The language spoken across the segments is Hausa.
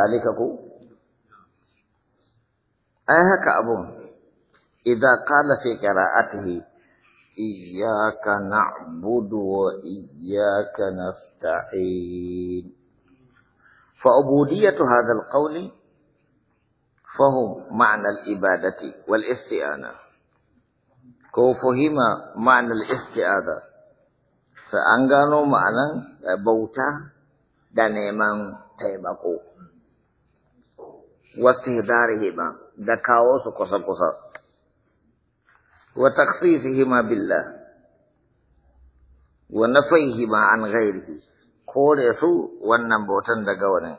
ذلك كو أيها هكا اذا قال في قراءته اياك نعبد واياك نستعين فعبوديه هذا القول فهو معنى الاباده والاستعانه كو فهم معنى الاستعاذه فانغانو معنى بوتا دانيما تيبقو واستهدارهما دكاوس قصا قصا وتخصيصهما بالله ونفيهما عن غيره kore su wannan bautan daga wani.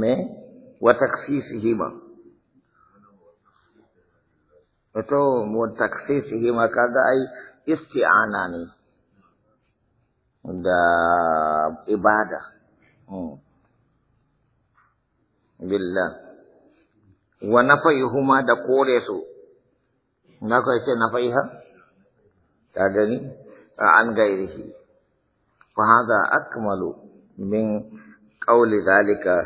Me? Wata hima. Wato, wata hima kaga ai isti'ana ne. da ibada hmm. billah wa nafayuhuma da kore su na kai ce nafaiha ta gani an gairihi fa hada akmalu min ƙauli zalika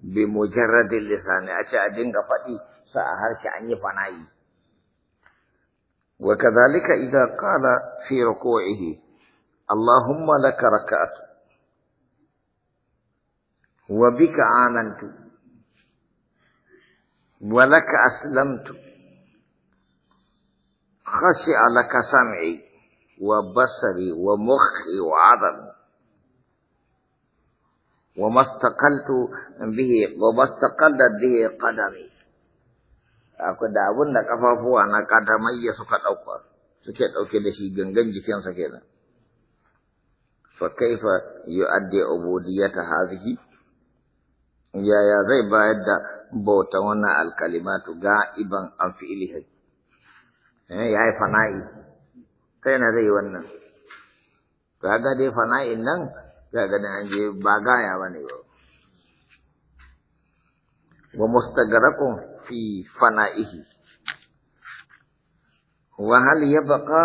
bi mujarradin lisani a ce a dinga faɗi sa a harshe an yi Wa وكذلك إذا قال fi ركوعه اللهم لك ركعت وبك آمنت ولك أسلمت خشع لك سمعي وبصري ومخي وعظمي وما استقلت به وما استقلت به قدمي aku da abun da kafafuwa na kadamai suka dauka suke dauke da shi gangan jikinsa kenan فكيف يؤدي عبودية هذه يا يا زي بايد بوتونا الكلمات غائبا عن فعلها يا فنائي kaina zai wannan kaga dai fana'i nan kaga da an je ba gaya bane ba wa mustagrakun fi fana'ihi wa hal yabqa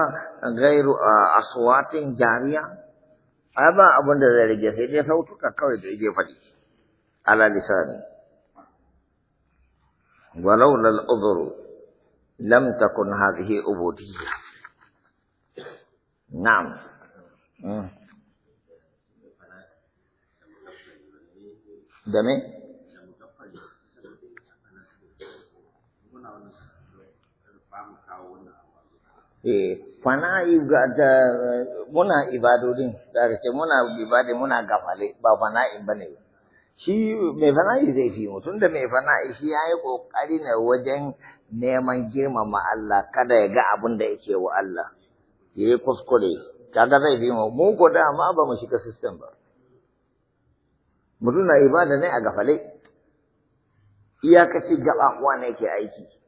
aswatin jariya amma abin da zai rage sai dai sautuka kawai da yake fadi ala lisani walau lal udhuru lam takun hadhihi ubudiyya na'am da me Eh, ga da muna ibadodin da ce muna ibadin muna gafale ba fana'in ba ne. Shi mai fana'i zai fi mutum da mai fana'i shi ya yi ƙoƙari ne wajen neman girmama Allah kada ya ga abin da yake wa Allah. Ya yi kuskure, kaga zai fi mu, mu ko ma ba mu shiga sistem ba. Mutum na ibada ne a gafale, iyakaci gaba ne ke aiki.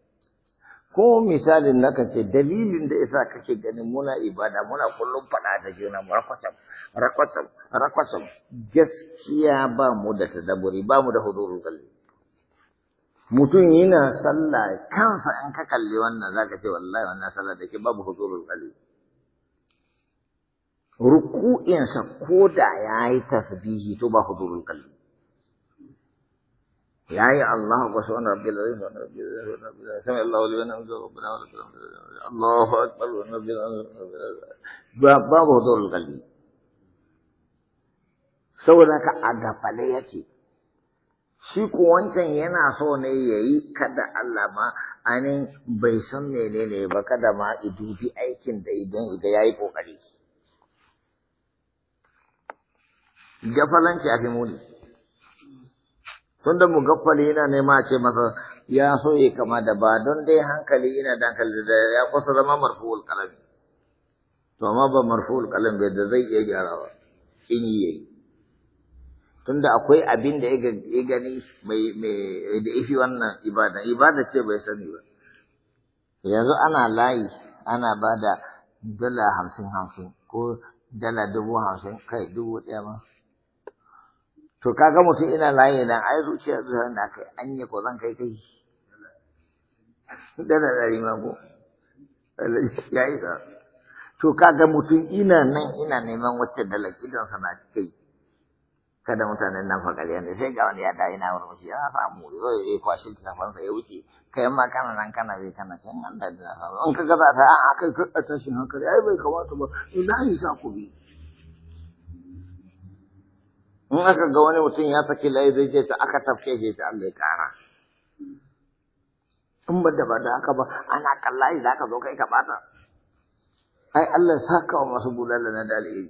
ko misalin naka ce dalilin da isa kake ganin muna ibada muna kullum faɗa da juna mu rakwatam rakwatam rakwatam gaskiya ba mu da tadabburi ba mu da hudurul qalbi mutum yana sallah kansa in ka kalli wannan zaka ce wallahi wannan sallah da ke babu hudurul qalbi ruku'insa ko da yayi tasbihi to ba hudurul qalbi yayi Allah ko son rabbil alamin rabbil alamin sami Allah liman hamdu rabbana wa lakal hamdu Allahu akbar rabbil alamin babu hudurul qalbi saboda ka yake shi ko wancan yana so ne yayi kada Allah ma anin bai san menene ba kada ma idubi aikin da idan iga yayi kokari gafalanci a fi muni tunda ga mugaffali yana nema ce masa ya so ya kama da ba don dai hankali yana da hankali da ya kusa zama marfu'ul kalami to amma ba marfu'ul kalam bai da zai iya gyara ba, in yi yayi tunda akwai abin da ya gani mai da ifi wannan ibada ibada ce bai sani ba yanzu ana layi ana ba da dala hamsin hamsin ko dala dubu hamsin kai dubu ɗaya ma to kaga mutum ina layi nan ai zuciya zuciya da kai an yi ko zan kai kai da da dari ma ko ya yi ka to kaga mutum ina nan ina neman wacce dalar don sana kai kada mutanen nan fakariya ne sai ga wani ya da ina wani mushi ya samu ya kwashi tafansa ya wuce kai ma kana nan kana zai kana can an da na samu in ka gaza ta ah, a kai ka tashin hankali ai bai kamata ba ina yi sa ku bi in aka ga wani mutum ya saki layi zai je ta aka tafke je ta Allah ya kara in ba da ba da aka ba ana kallayi za ka zo kai ka bata ai Allah ya saka wa masu bulala na dalili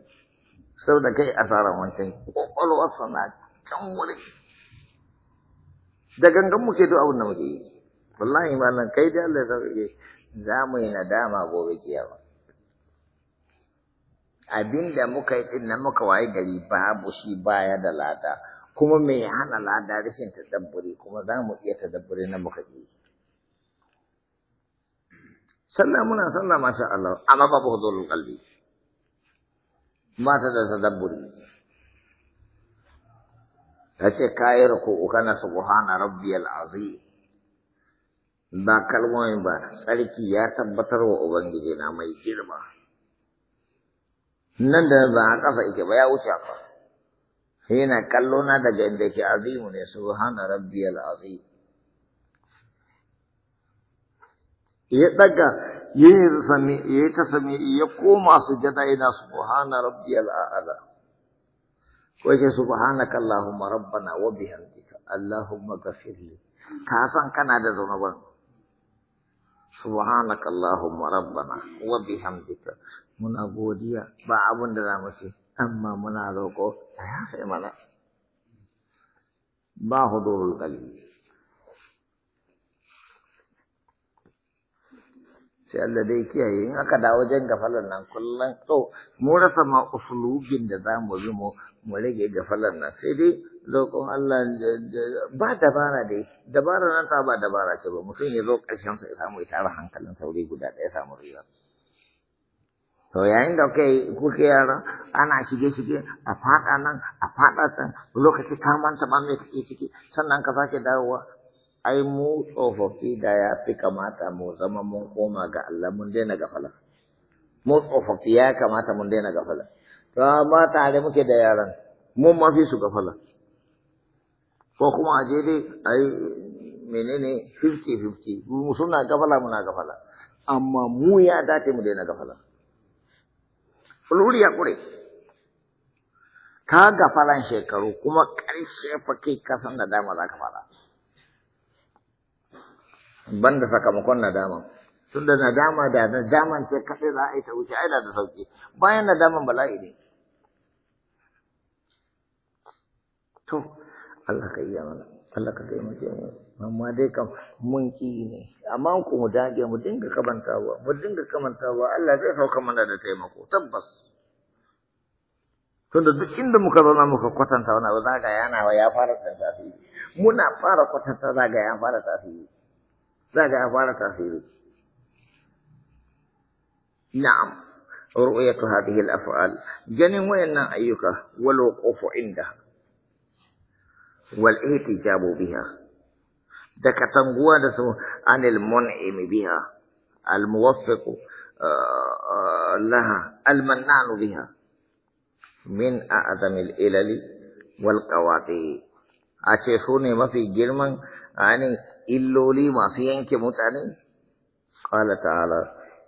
saboda kai asara wancan kwakwalwarsa na can wuri da gangan muke duk abin da muke yi wallahi malam kai da Allah ya saka za mu yi nadama gobe kiyama abin da muka yi ɗin muka waye gari babu shi baya da lada kuma me hana lada rashin tadabburi kuma za mu iya tadabburi na muka yi sallah muna sallah masha Allah amma babu huzurul qalbi mata da tadabburi kace kayi ruku'u kana subhana rabbiyal azim ba kalmomin ba tsarki ya tabbatar wa ubangiji na mai girma nan da ba a kafa yake ba ya wuce fa yana kallo na daga inda yake azimu ne subhana rabbiyal azim ya daga yayi sami yayi ta sami ya koma su jada ina subhana rabbiyal a'la ko yake subhanaka allahumma rabbana wa bihamdika allahumma ghafirli ka san kana da zunuban subhanaka allahumma rabbana wa bihamdika muna godiya ba abun da za mu ce amma muna roƙo ta yafe mana ba hudurul qalbi sai Allah dai kiyaye in aka dawo wajen gafalar nan kullum to mu rasa ma usulubin da za mu bi mu mu rage gafalar nan sai dai roƙon Allah ba dabara dai dabara nan ta ba dabara ce ba mutum ya zo ƙarshen sa ya samu ya tara hankalin sauri guda ɗaya samu riya So yang da kai kuke yara ana ah, shige shige a faɗa nan a faɗa can lokaci ka manta ma me kake ciki sannan ka sake dawowa ai mu tsofaffi da ya fi kamata mu zama mun koma ga Allah munde naga gafala mu tsofaffi ya kamata mun daina gafala to amma tare muke da yaran Mu ma fi su gafala ko kuma a je ai menene fifty-fifty? 50 suna gafala muna gafala amma mu ya dace mu daina gafala Fuluriya ƙure. Ka ga falan shekaru kuma ƙarshe ka kasan da dama za ka fara. Banda sakamakon nadama. Tun da nadama da nadaman ce kaɗai za a yi ta wuce, ai da sauƙi. Bayan nadaman bala'i ne. To, Allah ka iya mana. Allah ka taimake mu amma dai kam mun ki ne amma ku mu dage mu dinga kamantawa mu dinga kamantawa Allah zai sauka mana da taimako tabbas tunda duk inda muka zauna muka kwatanta wani abu zaga yana wa ya fara tasiri muna fara kwatanta zaga ya fara tasiri zaga ya fara tasiri na'am al-af'al Ganin wayannan ayyuka أيك والوقوف inda. والإتجاب بها دكتنغوا دسو عن المنعم بها الموفق لها المنان بها من أعظم الإلل والقواطع أشي سوني ما في جرمان يعني illoli masu yanke mutane? Ƙala ta'ala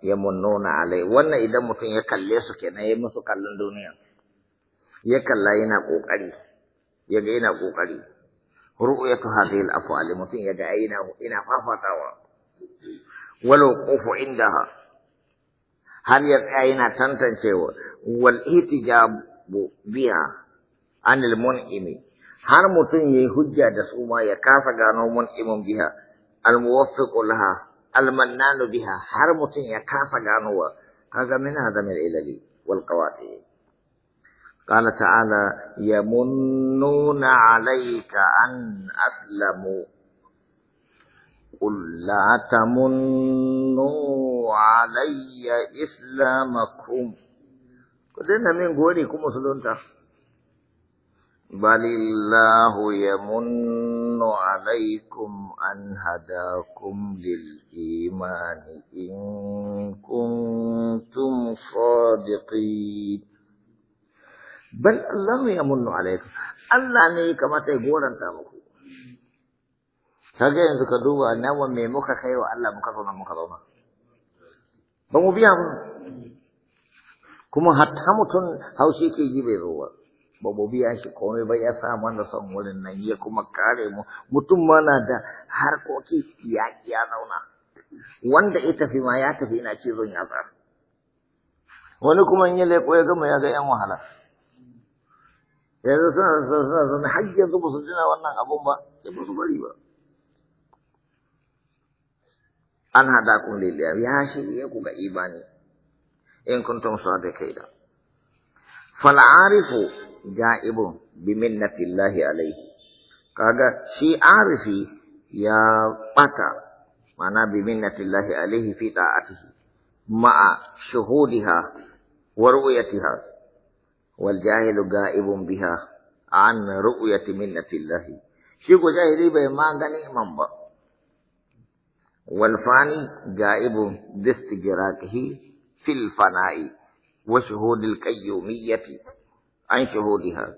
ya munnuna alai, wannan idan mutum ya kalle su kenan ya musu kallon duniya, ya kalla yana ƙoƙari, ya ga yana ƙoƙari. رؤية هذه الأفوال التي يدعينا إلى فافتوى والوقوف عندها هل يدعينا تنتشر والإتجاب بها عن المنعم هل متن يهجى دسوما يكافى قانو منعم بها الموفق لها المنان بها هل متن يكافى قانو هذا من هذا من العلل والقواتل قال تعالى يمنون عليك أن أسلموا قل لا تمنوا علي إسلامكم كدنا من قولي كم مسلمتا بل الله يمن عليكم أن هداكم للإيمان إن كنتم صادقين bal Allah ya munnu alaikum Allah ne ya kamata ya goranta muku kaga yanzu ka duba nawa me muka kai wa Allah muka zauna muka zauna ba mu biya mu kuma hatta mutum haushi ke ji bai zuwa ba mu biya shi komai ba ya sa mana son wurin nan ya kuma kare mu mutum ma na da harkoki ya ya zauna wanda ya tafi ma ya tafi ina cizon ya tsara wani kuma in yi leƙo ya gama ya ga yan wahala yanzu suna suna suna har yanzu ba su jina wannan abun ba sai ba su bari ba an hada kun liliya ya shirye ku ga imani in kuntum sadiqina fal arifu ja'ibun bi minnatillahi alaihi. kaga shi arifi ya bata mana bi alaihi fiɗa fi ta'atihi ma'a shuhudiha wa ru'yatiha والجاهل غائب بها عن رؤية منة الله شيخ جاهلي ما غني من با والفاني غائب جراكه في الفناء وشهود القيومية عن شهودها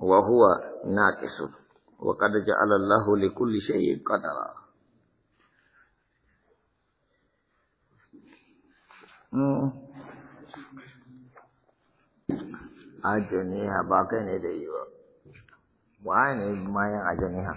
وهو ناقص وقد جعل الله لكل شيء قدرا mm ajuniha ba kai ne da yi ba wani mayan ajuniha